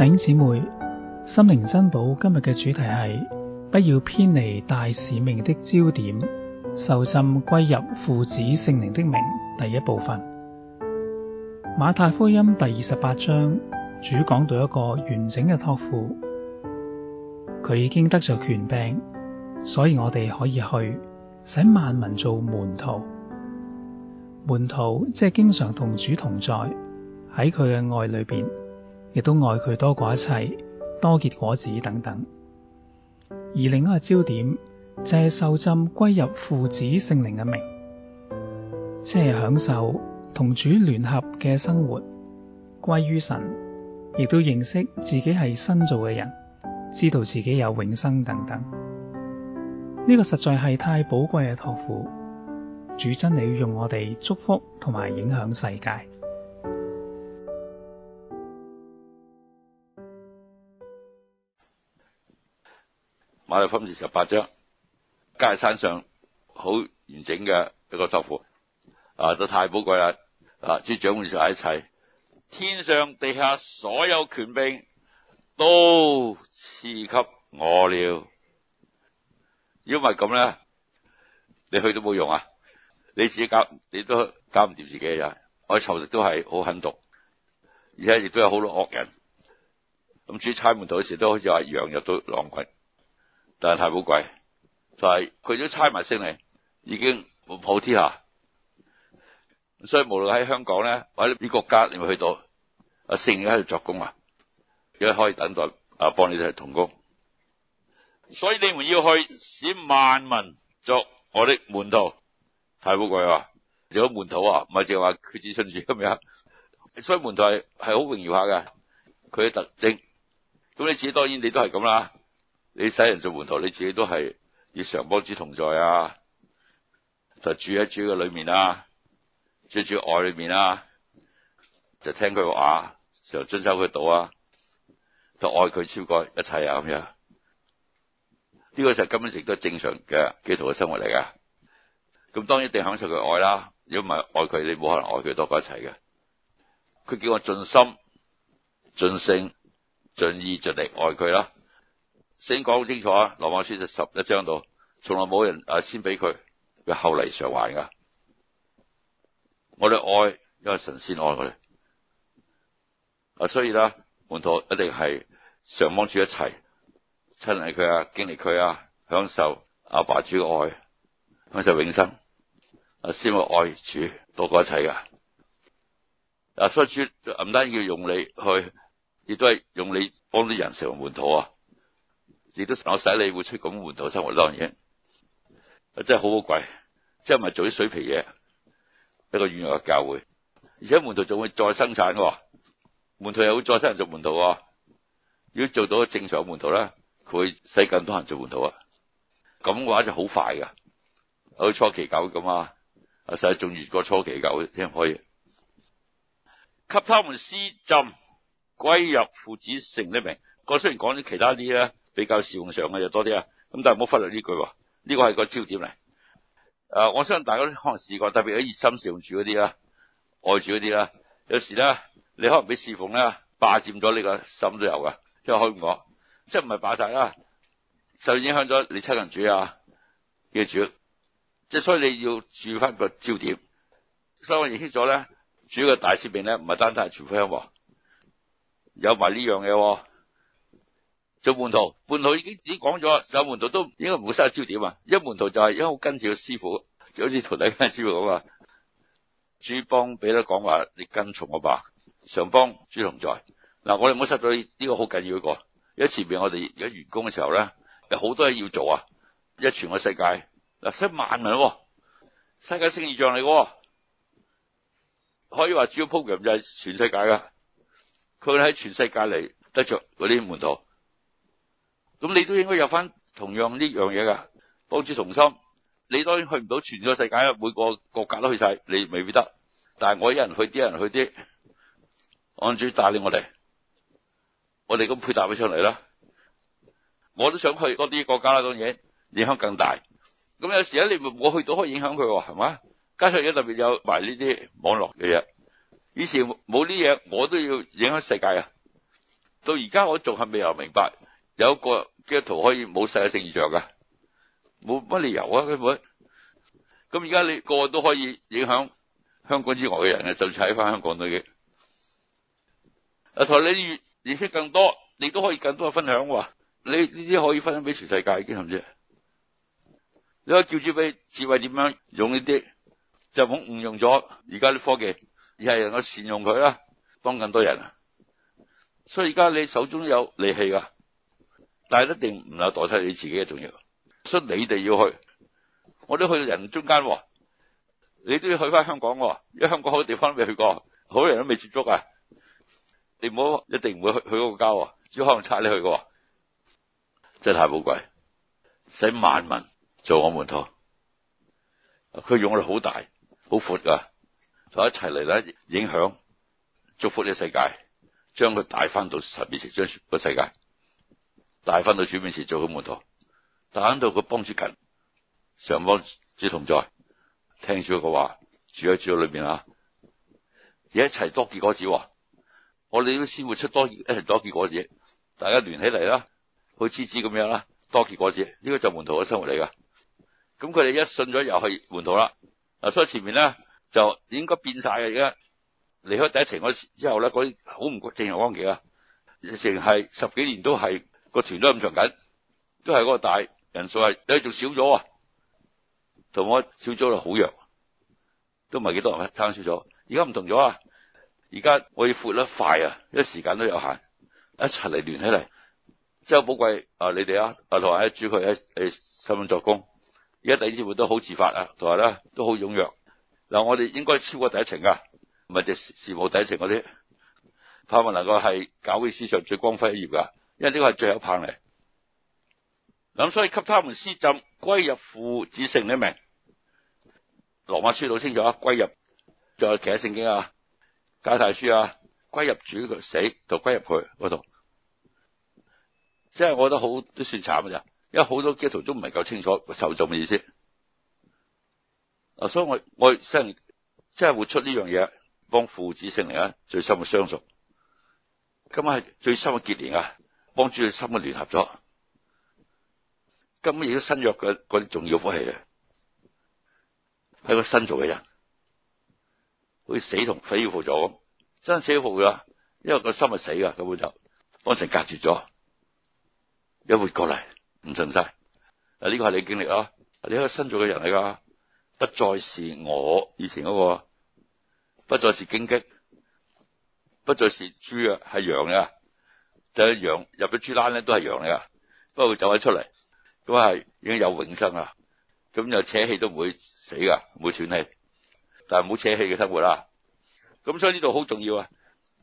弟兄姊妹，心靈珍寶今日嘅主題係不要偏離大使命的焦點，受浸歸入父子聖靈的名。第一部分，馬太福音第二十八章主講到一個完整嘅託付，佢已經得咗權柄，所以我哋可以去使萬民做門徒。門徒即係經常同主同在喺佢嘅愛裏邊。亦都愛佢多過一切，多結果子等等。而另一個焦點就係、是、受浸歸入父子聖靈嘅名，即係享受同主聯合嘅生活，歸於神，亦都認識自己係新造嘅人，知道自己有永生等等。呢、這個實在係太寶貴嘅託付，主真理要用我哋祝福同埋影響世界。馬太福音二十八章，隔喺山上好完整嘅一個託付啊！都太寶貴啦！嗱、啊，諸長輩説：一切天上地下所有權柄都賜給我了。如果唔係咁咧，你去都冇用啊！你自己搞，你都搞唔掂自己嘅，我仇敵都係好狠毒，而且亦都有好多惡人。咁主差門徒嘅時都好似話羊入到狼群。但係太寶貴，就係佢都猜埋多嚟，已經普天下，所以無論喺香港咧，或者呢個國家，你咪去到啊在，剩而家喺度作工啊，而家可以等待啊，幫你哋同工，所以你們要去使萬民作我的門徒，太寶貴啊！做咗門徒啊，唔係淨係話佢只信主咁樣，所以門徒係係好榮耀下噶，佢嘅特徵，咁你自己當然你都係咁啦。你使人做門徒，你自己都係要常幫主同在啊，就住喺主嘅裏面啊，住喺主愛裏面啊，就聽佢話，就遵守佢道啊，就愛佢超過一切啊咁樣。呢個就根本上都係正常嘅基督徒嘅生活嚟嘅。咁當然一定享受佢愛啦。如果唔係愛佢，你冇可能愛佢多過一切嘅。佢叫我盡心、盡性、盡意、盡力愛佢啦。先講好清楚啊，《羅馬書》就十一章到，從來冇人誒，先俾佢，佢後嚟償還噶。我哋愛因為神先愛我哋啊，所以咧，門徒一定係常幫住一齊，親近佢啊，經歷佢啊，享受阿爸，爸主嘅愛，享受永生啊，先會愛主多過一切噶。啊，所以主唔單要用你去，亦都係用你幫啲人成為門徒啊。亦都我使你會出咁門徒的生活，當然啊真係好好貴，即係咪做啲水皮嘢、一個軟弱嘅教會，而且門徒仲會再生產嘅喎，門徒又會再生人做門徒喎，如果做到正常嘅門徒咧，佢會使更多人做門徒啊，咁嘅話就好快噶，我初期教會咁啊，阿係仲如過初期教會添可以。給他們施浸歸入父子聖靈的名。我雖然講咗其他啲咧。比較侍奉上嘅就多啲啊，咁但係唔好忽略呢句，呢個係個焦點嚟。誒，我相信大家可能試過，特別喺熱心侍奉主嗰啲啦，愛主嗰啲啦，有時咧你可能俾侍奉咧霸占咗你個心都有噶，即係開唔講，即係唔係霸晒啦，受影響咗你親近主啊，要主，即係所以你要注意返個焦點。所以我延伸咗咧，主嘅大使命咧唔係單單係傳福音，有埋呢樣嘢。做門徒，門徒已經已經講咗，有門徒都應該唔會失去焦點啊。一門徒就係、是、因為跟住個師傅，就好似徒弟跟住師傅咁啊。主邦俾咗講話，你跟從我吧。上邦主同在嗱、啊，我哋唔好失咗呢個好緊要的一個。因為前面我哋而家員工嘅時候咧，有好多嘢要做啊，一全個世界嗱，使萬民喎，世界性異象嚟嘅，可以話主要 program 就係全世界噶。佢喺全世界嚟得着嗰啲門徒。咁你都應該有翻同樣呢樣嘢噶，方諸同心。你當然去唔到全個世界，每個國家都去晒，你未必得。但係我一人去啲，人去啲，按主帶領我哋，我哋咁配搭起上嚟啦。我都想去多啲國家啦，當然影響更大。咁有時咧，你我去到，可以影響佢喎，係嘛？加上而家特別有埋呢啲網絡嘅嘢，以前冇呢嘢，我都要影響世界啊。到而家我仲係未有明白，有一個。嘅圖可以冇世界性意象㗎，冇乜理由啊根本。咁而家你個個都可以影響香港之外嘅人，就踩返翻香港度嘅。啊，同你越認識更多，你都可以更多嘅分享喎、啊。你呢啲可以分享俾全世界嘅，甚至你可叫住俾智慧點樣用呢啲，就唔好誤用咗而家啲科技，而係能夠善用佢啦，幫更多人啊。所以而家你手中有利器噶。但係一定唔係代替你自己嘅重要，所以你哋要去，我都去到人中間，你都要去翻香港，因為香港好多地方未去過，好多人都未接觸啊！你唔好一定唔會去去啊，只要可能差你去過，真係太寶貴，使萬民做我門徒，佢用我哋好大，好闊噶，同一齊嚟咧影響祝福呢個世界，將佢帶翻到十二成將全個世界。帶返到主面前做佢門徒，等到佢幫住近，上方主同在，聽住佢話，住喺主裏面啊，而一齊多結果子。我哋都先會出多一齊多結果子，大家聯起嚟啦，好似枝咁樣啦，多結果子，呢個就門徒嘅生活嚟噶。咁佢哋一信咗又係門徒啦。嗱，所以前面咧就應該變曬嘅。而家離開第一程之後咧，嗰啲好唔正常安幾啊，成係十幾年都係。個團都咁長緊，都係嗰個大人數係，你係仲少咗啊！同我少咗啦，好弱，都唔係幾多人咧，差少咗。而家唔同咗啊！而家我要闊得快啊，因為時間都有限，一齊嚟聯起嚟真係寶貴啊！你哋啊，同埋喺主佢喺喺神作工，而家第二次會都好自發啊，同埋咧都好踴躍。嗱、呃，我哋應該超過第一程噶，唔係就事務第一程嗰啲，盼望能夠係教會史上最光輝一頁噶。因為呢個係最後一棒嚟，咁所以給他們施浸歸入父子聖靈嘅名。羅馬書好清楚啊，歸入仲有其他聖經啊，解大書啊，歸入主佢死歸他那裡就歸入佢嗰度。即係我覺得好都算慘噶咋，因為好多基督徒都唔係夠清楚受浸嘅意思。啊，所以我我真係即係活出呢樣嘢，幫父子聖靈啊，最深嘅相屬，咁係最深嘅結連啊。幫住心嘅聯合咗，根本而家新約嘅嗰啲重要福氣咧，係個新造嘅人，好似死同死復活咗咁，真是死復活噶，因為個心係死噶，根本就幫成隔絕咗，一會過嚟唔信晒。啊，呢個係你經歷啊，你一個新造嘅人嚟噶，不再是我以前嗰、那個，不再是荊棘，不再是豬啊，係羊啊。就係、是、羊入咗豬欄咧，都係羊嚟噶。不過佢走咗出嚟，咁啊已經有永生啦。咁就扯氣都唔會死噶，唔會喘氣。但係唔好扯氣嘅生活啦。咁所以呢度好重要啊！